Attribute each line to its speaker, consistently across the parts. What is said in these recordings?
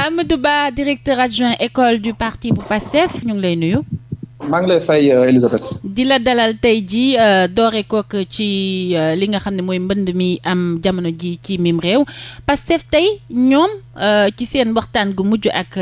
Speaker 1: Amadou Ba directeur adjoint école du partie bu PASTEF ñu ngi lay nuyu.
Speaker 2: maa ngi lay fay euh, Elisabeth.
Speaker 1: di la dalal tey jii euh, doore kook ci euh, li nga xam ne mooy mbënd mi am jamono ji ci mim réew Pastef tey ñoom ci seen waxtaan gu mujj ak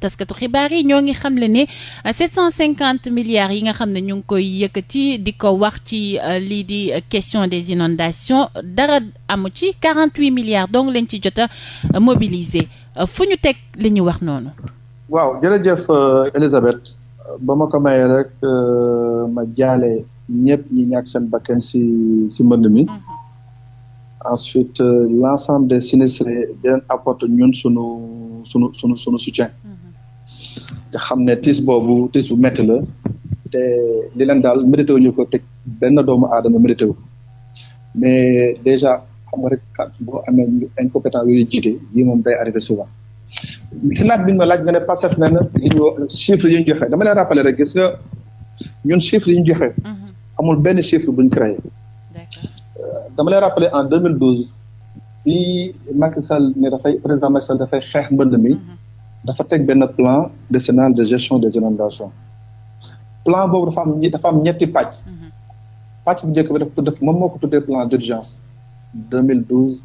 Speaker 1: taskatu xibaar yi ñoo ngi xam le ne 750 milliards yi nga xam ne ñu ngi koy yëkkati di ko wax ci lii di question des inondations dara amu ci 48 milliards donc lañ ci jot a mobiliser. Euh, fu ñu teg li ñu wax noonu.
Speaker 2: waaw jërëjëf euh, Elisabeth ba ma ko mayee rek euh, ma jaale ñëpp ñi ñàkk seen bakkan si si mbënd mi. Mhm. ensuite l' ensemble des sinistrés di ñun sunu sunu sunu sunu soutien. Mhm. te xam ne tiis boobu tiis bu métti la. te li leen daal mérité wu ñu ko teg benn doomu aadama mérité wu mais déjà xam nga rek boo amee incompétent yooyu jiite lii moom day arrivé souvent si laaj bi ñu ma laaj nga ne Pastef nee na li ñu chiffre yi ñu joxe dama lay rappeler rek gis nga ñun chiffre yi ñu joxe. Mhm. amul benn chiffre bu ñu créé. dama lay rappeler en 2012 bi Macky Sall ne dafay président Macky Sall dafay xeex mbënd mi. Mhm. dafa teg benn plan décennal de gestion de inondations plan boobu dafa am dafa am ñetti pàcc. Mhm. pàcc bu njëkk bi dafa moom moo ko tuddee plan d' urgence. 2012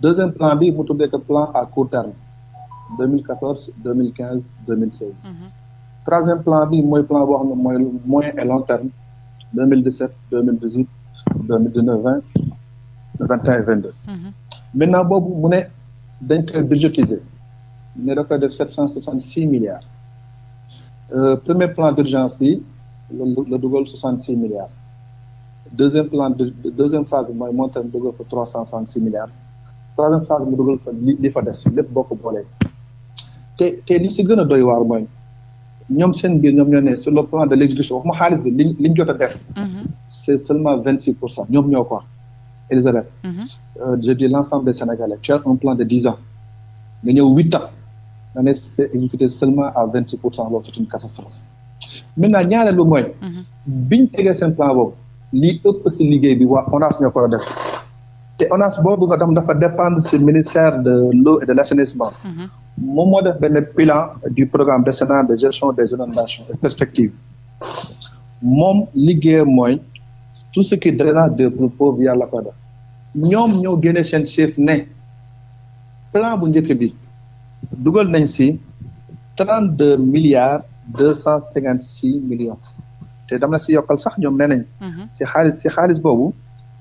Speaker 2: deuxième plan bi mu tuddee ko plan a court terme 2014 2015 2016. Mm -hmm. troisième plan bi mooy plan boo xam et long terme 2017 2018 mhm. mu ne dañ koy ne da koy milliards. Euh, premier plan d'urgence bi la la milliards. deuxième plan de deuxième phase bi mooy monté mu dugal fa trois cent soixante six milliards troisième phase mu dugal fa li fa des lépp boo ko te li si gën a doy waar mooy ñoom seen biir ñoom ñoo ne sur le plan de l' waxuma xaalis bi liñ liñ a def. Mm-hmm. c' est vingt six pour cent ñoom ñoo ko wax Elisabeth. Mm-hmm. Euh, je dis l' un plan de dix ans nga ñëw huit ans nga ne c' est exécuté seulement vingt six pour cent loolu c' est une catastrophe maintenant ñaareelu mooy. Mm-hmm. lii ëpp si liggéey bi waa ONAS ñoo ko def te ONAS boobu nga dafa dépendre si ministère de l'eau et de l'assainissement mhm. moom moo def benn bilan du programme décennal de gestion des inondations et perspectives moom liggéey mooy tout ce qui drainage des propos via l'APADA ñoom ñoo génne seen chef ne plan bu njëkk bi dugal nañ si trente deux milliards deux cent cinquante six millions te dama la si yokkal sax ñoom nee nañ. Mhm. si xaalis si xaalis boobu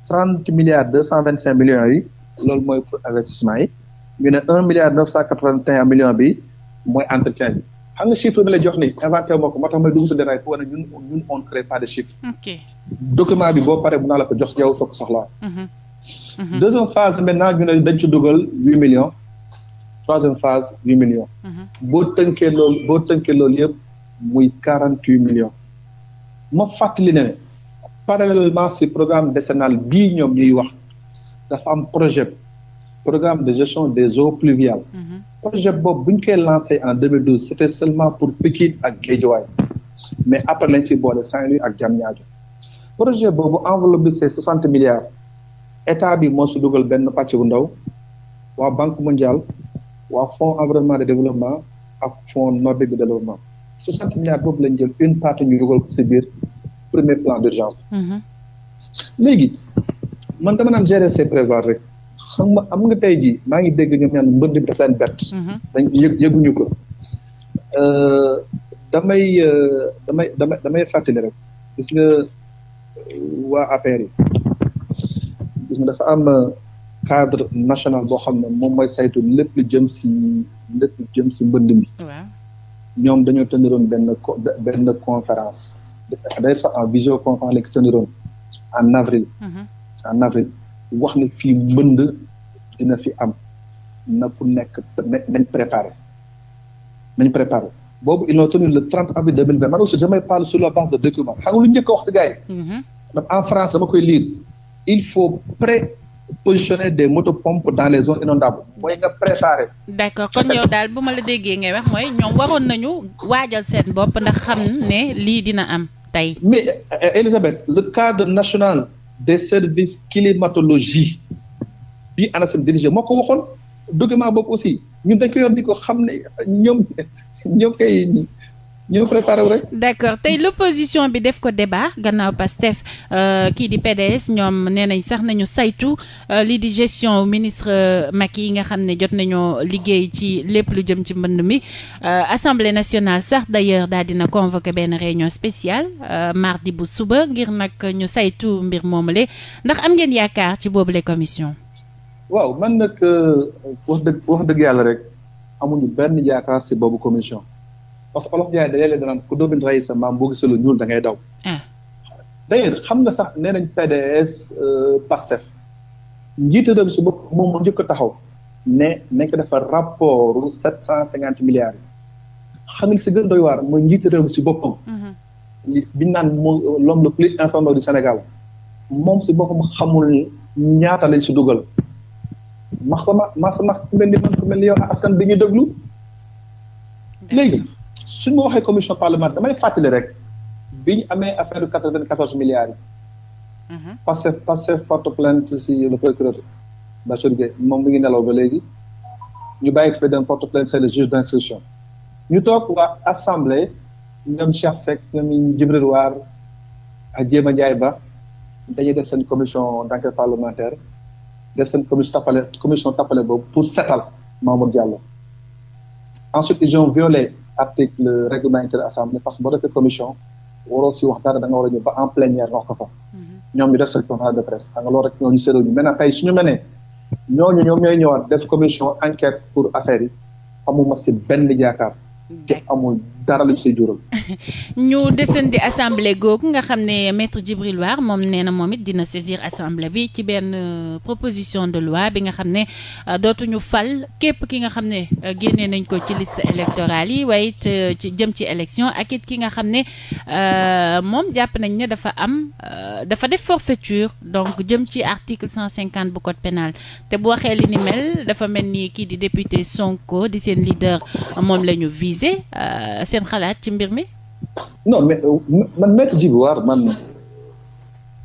Speaker 2: trente milliards deux cent vingt cinq millions yi loolu mooy pour investissement yi ñu ne un milliard neuf cent quatre vingt et un bi mooy entretien bi xam nga chiffre bi la jox ni inventé moo ko moo tax may bi boo paree mun naa la ko jox yow soo mhm. Mhm. boo tënkee loolu boo tënkee loolu yëpp muy quarante huit millions. ma fàttali na ne parallèlement si programme décennal bii ñoom ñuy wax dafa am projet programme de gestion des eaux pluviales mhm. projet boobu bu ñu koy lancé en 2012 c'était seulement pour Pikine ak Guédiawaye mais après lañ si boole Saint-Louis ak Diamniadio projet boobu enveloppe bi c'est 60 milliards état bi moo si dugal benn pàcc bu ndaw waa banque mondiale waa fonds environnement de développement ak fonds nordique de développement 60 milliards boobu lañ jël une partie ñu dugal ko biir premier plan d'urgence. Mhm. léegi man dama naan gérer c'est prévoir rek xam nga am nga tey jii maa ngi dégg ñoom ñaan mbënd bi daf leen bett. Mhm. dañ yëguñu ko. Euh, euh, damay damay fàttali rek gis nga euh, waa APR yi gis nga dafa am cadre national boo xam ne moom mooy saytu lépp lu jëm si lépp jëm si mbënd mi. ñoom dañoo tëndiroon benn benn conférence day sax en visioconférence lañ ko tëndiroon en mhm. en avril wax ne fii mbënd dina fi am na ku nekk nañ préparé nañ préparé boobu ils l'ont tenu le 30 avril 2020 man aussi damay a wax ci gars yi mhm. en France dama koy lire il faut pré positionner des motopompes dans les zones inondables mooy nga préparer.
Speaker 1: d'accord kon yow daal bu ma la déggee ngay wax mooy ñoom waroon nañu waajal seen bopp ndax xam ne lii dina am tey.
Speaker 2: mais eh, Elisabeth le cadre national des services climatologie bi ANACIM dirigé moo ko waxoon document boobu aussi ñun dañ yor di ko xam ne ñoom ñoom kay. ñu préparé
Speaker 1: tey l' opposition bi def ko débat gannaaw Pastef euh, kii di PDS ñoom nee nañ sax nañu saytu euh, lii di gestion ministre euh, Macky yi nga xam ne jot nañoo liggéey ci lépp lu jëm ci mbënd mi. assemblée nationale sax d' ailleurs daal dina convoqué benn réunion spéciale mardi bu suba ngir nag ñu saytu mbir moomule ndax am ngeen yaakaar ci boobule commission.
Speaker 2: waaw man nag wax dëgg wax dëgg yàlla rek amuñu benn yaakaar si boobu commission. parce que olof Ndiaye da léeg-léeg danaan ku dóomin rey sa maam boo gisee ñuul da daw. Ah. d'ailleurs xam nga sax nee nañ PDS euh, PASTEF njiite réew su bopp moom moo njëkk taxaw ne nañ ko defar rapport sept cent cinquante milliards yi xam nga si gën mooy njiite réew si boppam. Mhm. biñ naan moo l'homme le plus informé du Sénégal moom si boppam xamul ñaata lañ si dugal. max ko ma max ku mel ni man ku mel ni yow askan bi ñu déglu léegi suñ ma waxee commission parlementaire damay fàttali rek bi ñu amee affaire quatre vingt quatorze milliards yi. parce que parce que porte plainte si le procureur Bachir Gueye moom mu ngi nelaw ba léegi ñu bàyyi ko fi dem porte plainte c'est le juge d'instruction ñu toog waa assemblée ñoom Cheikh Seck ñoom Djibril a ak Jéema Ndiaye Ba dañuy def seen commission d'enquête parlementaire def seen commission tapale commission tapale boobu pour setal Mamour Diallo ensuite ils ont article règlement intérieur assemblée parce que boo defee commission waroo si wax dara da nga war a ñëw ba en plénière wax ko mhm. xam nga loolu rek ñooñu séeréer ñu suñu menee ñooñu ñoom ñooy ñëwaat def commission enquête pour affaire yi amuma si benn jaakaar mhm. te amul dara lañ say jural.
Speaker 1: ñu desandi assemblée googu nga xam ne maître Djibril moom nee na moom it dina saisir assemblée bi ci benn euh, proposition de loi bi nga xam ne euh, dootuñu fal képp ki nga xam ne euh, génnee nañ ko ci liste électorale yi waaye it ci jëm ci élection ak it ki nga xam ne moom jàpp nañ ne dafa am dafa def forfaiture donc jëm ci article cent cinquante bu code pénal te bu waxee li ni mel dafa mel ni kii di député Sonko di seen leader moom lañu ñu visé. seen xalaat ci mbir mi.
Speaker 2: non mais man maître Djiby War man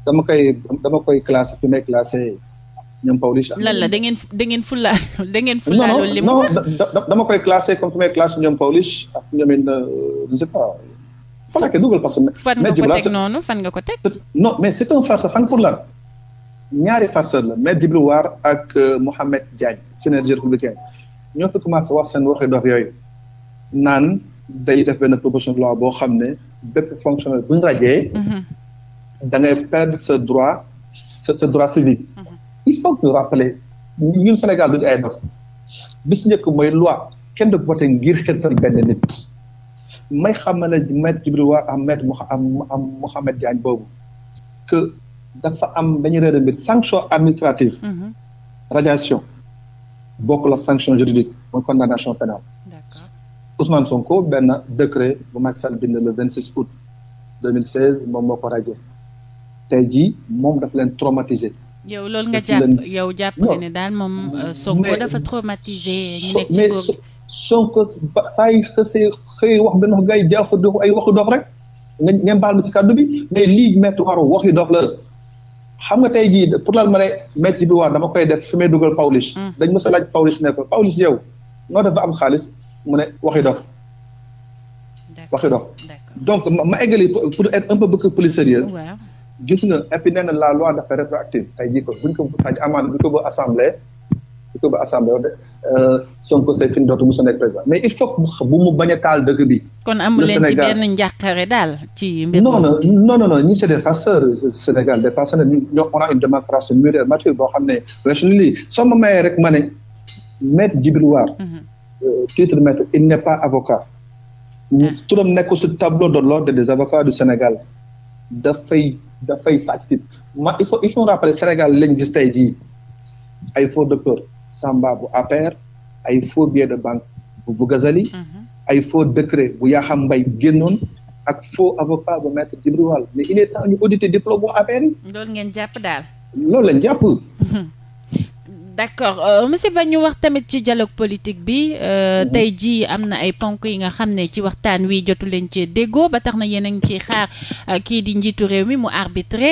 Speaker 2: dama koy dama koy classé fi may classé ñoom Pawlish. lan la da
Speaker 1: ngeen da ngeen fulla da ngeen fulla loolu li mu wax
Speaker 2: koy classé comme fi may classé ñoom Pawlish ak ñoom it euh, je ne sais pas. fan la koy dugal fan nga ko teg
Speaker 1: noonu fan nga ko teg.
Speaker 2: non mais c'est un farceur xam nga pour lan ñaari farceur la maître Djiby War ak euh, Mouhamed Diagne synergie républicaine ñoo fi commencé wax seen waxi dof yooyu naan. day def benn proposition de loi boo xam ne bépp fonctionnaire bu ñu rajee mhm. da ngay perdre ce droit ce, ce droit civique mm -hmm. il faut que ñu rappeler ñun Sénégal duñu ay dof bi si njëkk mooy loi kenn du voté ngir xirtal benn nit may xamal ne maître Djibril War am maître Mouhamed Diagne boobu que dafa am dañu reer mbir sanction administrative mhm. radiation bokk la sanction juridique mooy condamnation pénale Ousmane Sonko benn décret bu Macky Sall bind le 26 août 2016 moom moo ko radié tey ji moom daf leen traumatisé.
Speaker 1: yow loolu nga jàpp yow jàpp nga ne daal moom. Euh, Sonko dafa traumatisé. ñu nekk ci góor
Speaker 2: Sonko saa yu xësee xëy wax benn rek nga ngeen baal ma si kàddu bi mais lii métti waru wax yu la. xam nga tey jii pour laal ma ne métti bi waar dama koy def fi may dugal Pawlish. Mm. dañ mos a laaj Pawlish ne ko Pawlish yow noo def ba am xaalis. mu ne waxi dof waxi dof donc ma eggali pour être un peu beaucoup plus gis nga et puis laa na la loi dafa rétroactive tey jii ko buñ ko taj amaana bu ko ba assemblée bu ko ba assemblée wax de dootu musa mais il bu mu bañ a taal dëkk bi kon
Speaker 1: amu leen ci benn njàqare daal ci mbir non
Speaker 2: non non non ñun c'est des farceurs Sénégal des farceurs ñoo on a une démocratie mûre et boo xam ne rationale lii soo ma mayee rek ma ne maître Djibril War mhm. titre maître il n'est pas avocat turam nekk su tableau de l'ordre des avocats du Sénégal dafay dafay sàcc ma il faut il faut Sénégal lañ gis tey ay faux docteur Samba bu APR ay faux billets de banque bu Bougazali hmm. ay faux décret bu Yakham Mbaye génnoon ak faux avocat bu maître Djibril mais il est temps ñu auditer diplôme bu APR yi
Speaker 1: loolu ngeen jàpp daal
Speaker 2: loolu lañ jàpp hmm.
Speaker 1: d'accord euh, monsieur Ba ñu wax tamit ci dialogue politique bi euh, mhm. tey jii am na ay ponk yi nga xam ne ci waxtaan wi jotu leen ci déggoo ba tax na yéen a ngi ciy xaar euh, kii di njiitu réew mi mu arbitré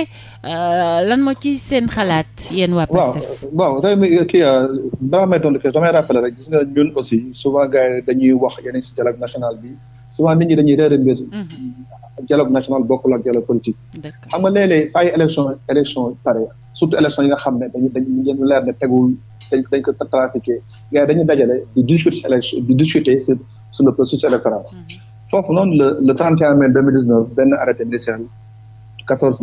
Speaker 1: lan moo ci seen xalaat yéen waa Pastef
Speaker 2: waaw réew mi kii balaa may tontu rek gis nga ñun aussi souvent gars yi dañuy wax yeneen si dialogue national bi souvent nit ñi dañuy réere mbir mhm. dialogue national bokkul ak dialogue politique. xam nga léeg-léeg saa yu élection élection pare surtout élection yi nga xam ne dañu leer ne tegul dañ ko trafiqué gars dañu dajale di discuter sur le processus électoral. Mhm. foofu noonu le le 31 mai 2019 benn arrêté ministériel 14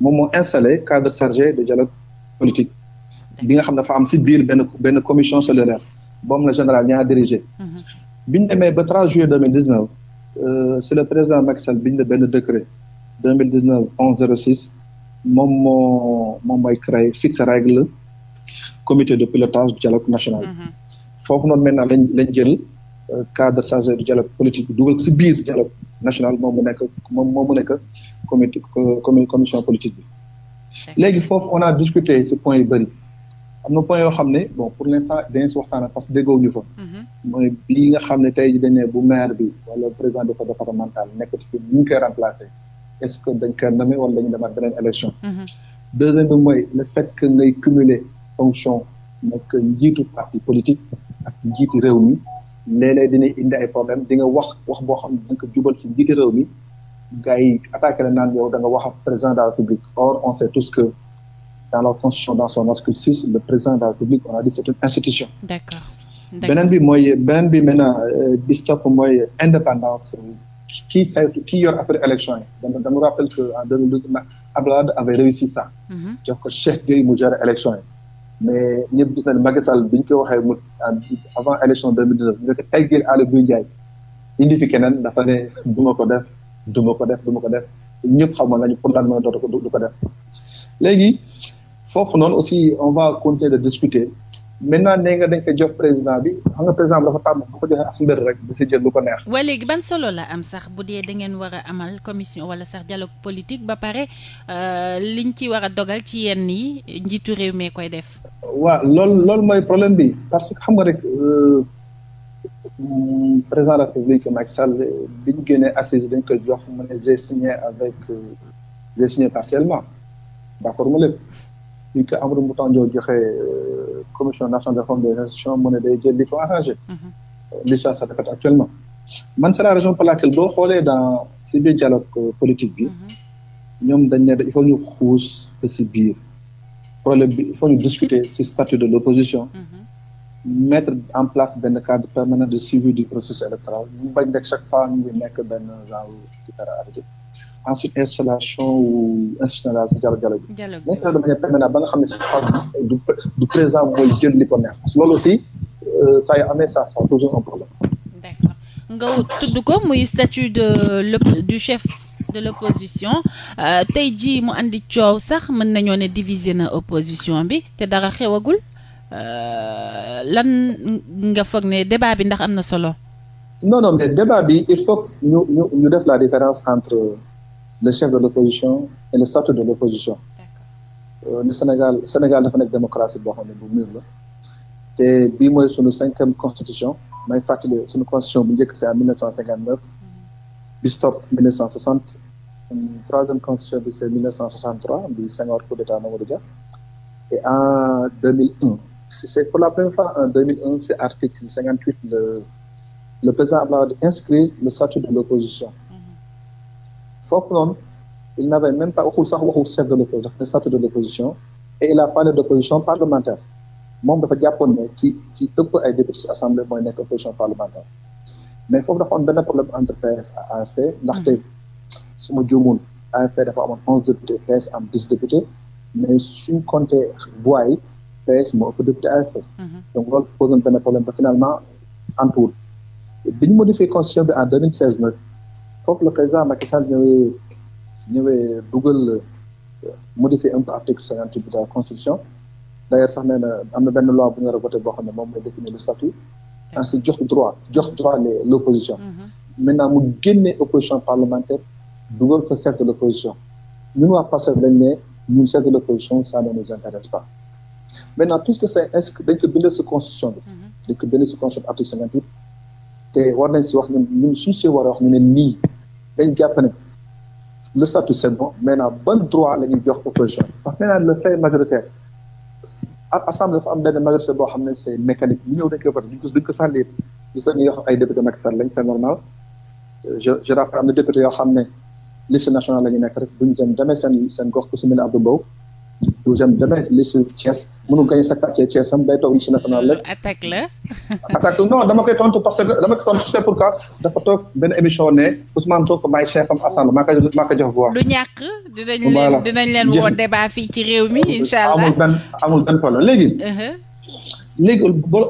Speaker 2: moo installé cadre chargé de dialogue politique. bi nga xam dafa am si biir benn benn commission cellulaire boobu la général ñaa dirigé. Mhm. bi ñu demee ba 3 Euh, c'est le président Macky Sall bind benn décret 2019 1106 moom moo moom mooy créé fixe règle comité de pilotage du dialogue national. Mm-hmm. foofu noonu maintenant lañ lañ jël euh, cadre chargé du dialogue politique bi dugal si biir dialogue national moom mu nekk moom moo mu nekk comité commission politique bi. léegi foofu on a discuté si point yu bëri. am na point yoo xam ne bon pour l' instant dañ ñu fa. Mhm. mooy nga xam ne tey jii dañ ne bu maire bi wala président de départemental nekkati fi ñu ngi koy est ce que dañ koy nommé wala dañu demaat beneen élection. Mhm. deuxième bi mooy le fait que ngay cumuler fonction nekk njiitu parti politique ak njiiti réew mi léeg-léeg dina indi ay problème di nga wax wax boo xam ne da nga ko jubal si njiiti réew mi gars yi attaqué naan yow da nga wax ak président de la République or dans la constitution dans son président de la République on a dit c'est une institution.
Speaker 1: d'accord
Speaker 3: beneen
Speaker 2: bi mooy beneen bi maintenant euh, bi ci topp mooy indépendance kii euh, saytu kii yor après élection yi donc dama rappelle que en 2012 Abdoulaye Wade avait réussi ça. Mhm. jox ko Cheikh Gueye mu gérer élection yi. mais ñëpp gis nañu Macky Sall bi ñu ko waxee mu avant élection 2019 ñu ne ko teggil Aly Ngouille Ndiaye indi fi keneen dafa ne du ma ko def du ma ko def du ma ko def ñëpp xamoon nañu pour lan mooy dootu def léegi. foofu noonu aussi on va continuer de discuter maintenant nee nga dañ ko jox président bi xam nga président bi dafa tàmm bu ko joxee as mbir rek da si jël lu ko neex.
Speaker 1: waa léegi ban solo la am sax bu dee da ngeen war a amal commission wala sax dialogue politique ba pare euh, liñ ci war a dogal ci yenn yi njiitu réew mee koy def.
Speaker 2: waa lool loolu mooy problème bi parce que xam nga rek euh, président de la république Macky Sall bi ñu génnee assise dañ ko jox mu ne j'ai signé avec euh, j'ai bi ko Amadou Moutandio joxe euh, commission nationale de réforme des institutions mu ne day jël li ko arrangé. li ça se répète actuellement. man c'est la raison pour laquelle boo xoolee dans si biir dialogue euh, politique bi. Mhm. ñoom dañ ne il faut ñu xuus ba si biir. problème bi il faut ñu discuter si statut de l'opposition. Mhm. mettre en place benn cadre permanent de suivi du processus électoral ñu bañ rek chaque fois ñu nekk benn genre ci euh, dara arrêté. ensuite installation wu institutionnalisation dialogue dialogue ba nga xam ne du du président mooy jël li ko neex saa yu amee problème.
Speaker 1: d'accord nga tudd ko muy statut de l' du chef de l' euh, tey jii mu indi coow sax mën nañoo ne diviser na opposition bi te dara xewagul euh, lan nga foog ne débat bi ndax am na solo.
Speaker 2: non non mais débat bi il faut ñu ñu def la différence entre. le chef de l'opposition et le statut de l'opposition ni euh, Sénégal Sénégal dafa nekk démocratie boo xam ne bu mur la te bii mooy sunu cinquième constitution may fàttali sunu constitution bu njëkk c'est en 1959 mm-hmm. bi stop 1960 troisième constitution bi c'est 1963 bi Senghor coup d'état et en 2001 c'est pour la première fois en 2001 c'est article 58 le le président Abdoulaye Wade le statut de l'opposition foofu noonu il n'avait même pas waxul chef de l'opposition le statut de et il a parlé d'opposition parlementaire moom dafa jàppoon ne ki ki ëpp ay député ci assemblée mooy nekk opposition parlementaire mais foofu dafa am benn problème entre PF ak AFP ndaxte hmm. su ma juumul AFP dafa amoon onze députés PS am dix députés mais suñ compté voix député AFP hmm. donc loolu pose benn problème ba finalement antuwul bi ñu constitution en foofu la président Macky Sall ñëwee ñëwee dugal modifier un peu article cinquante huit de la constitution d' sax nee am na benn loi bu ñu war boo xam ne moom mooy définir le statut ainsi jox droit jox droit les l' opposition mhm. mu génnee opposition parlementaire dugal fa chef de l' opposition ñun waa Pastef dañ ne ñun chef de l' opposition ça ne nous intéresse pas maintenant puisque ce que dañ ko bindal si constitution bi mhm. dañ ko bindal si constitution article cinquante huit te si wax ñun ñun suñ si ne nii dañ jàpp ne le statut c'est bon maintenant ban droit la ñuy jox opposition parce que maintenant le fait majoritaire assemblée dafa am benn majorité boo xam ne c'est mécanique ñu ñëw dañ koy voté duñ ko duñ ko sànni gis nañu yoo xam ay député Macky Sall lañ c'est normal je je rappelle am na député yoo xam ne liste nationale la ñu nekk rek duñ dem demee seen seen gox ku si mel ne Abdou Mbow 12e dana liste Thiès mënu gañ sa quartier Thiès am day toog liste nationale rek. attaque la. attaque non dama koy tontu parce que dama koy tontu c'est pourquoi dafa toog benn émission ne Ousmane Sonko maay chef am assemblée maa ko jox voix.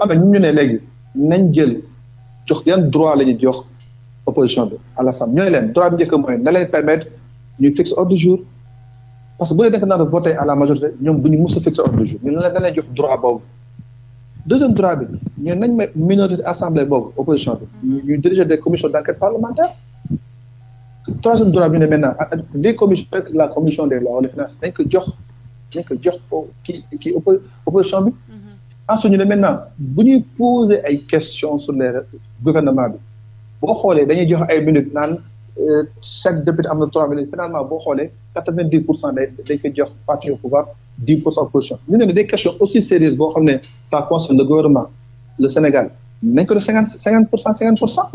Speaker 2: amee ñu ñu ne léegi nañ jël jox yan droit la ñuy jox opposition bi à l'assemblée ñu ne leen droit bi njëkk mooy na leen permettre ñu fixe ordre du parce que bu nekk nar a voté à la majorité ñoom du ñu mës a fixé ordre du jour ñu ne la dañuy jox droit boobu deuxième droit bi ñun nañ may minorité assemblée boobu opposition bi ñu diriger des commissions d' enquête parlementaire troisième droit bi ñu ne maintenant ah, des commissions la commission des lois wala finance dañ ko jox dañ ko jox kii kii opposition bi mm-hmm. ensuite ñu ne maintenant bu ñuy poser ay question sur gouvernement bi boo xoolee dañuy jox ay minutes naan euh, chaque député am na trois minutes finalement boo xoolee quatre-vingt-dix pour cent day jox parti au ne des questions aussi sérieuses boo xam ne ça concerne le gouvernement le Sénégal nañ ko def cinquante cinquante pour cent cinquante pour cent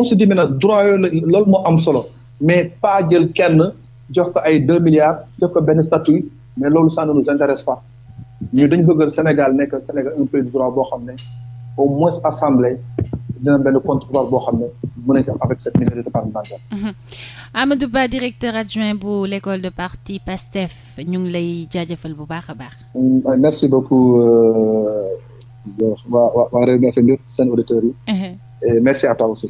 Speaker 2: on droit yooyu loolu moo am solo mais pas jël kenn jox ko ay deux milliards jox ko benn statut mais loolu ça ne nous intéresse pas ñu dañ bëgg Sénégal nekk Sénégal un pays de droit boo xam ne au moins assemblée dina benn compte boo xam ne mën nañ am avec cette minorité parlementaire.
Speaker 1: Mhm. Amadou Ba directeur adjoint bu l' école de parti PASTEF ñu ngi lay jaajëfal bu baax a baax.
Speaker 2: Euh, merci beaucoup euh, waa waa waa Rewmi FM seen auditeurs yi. Mhm. et merci à toi aussi.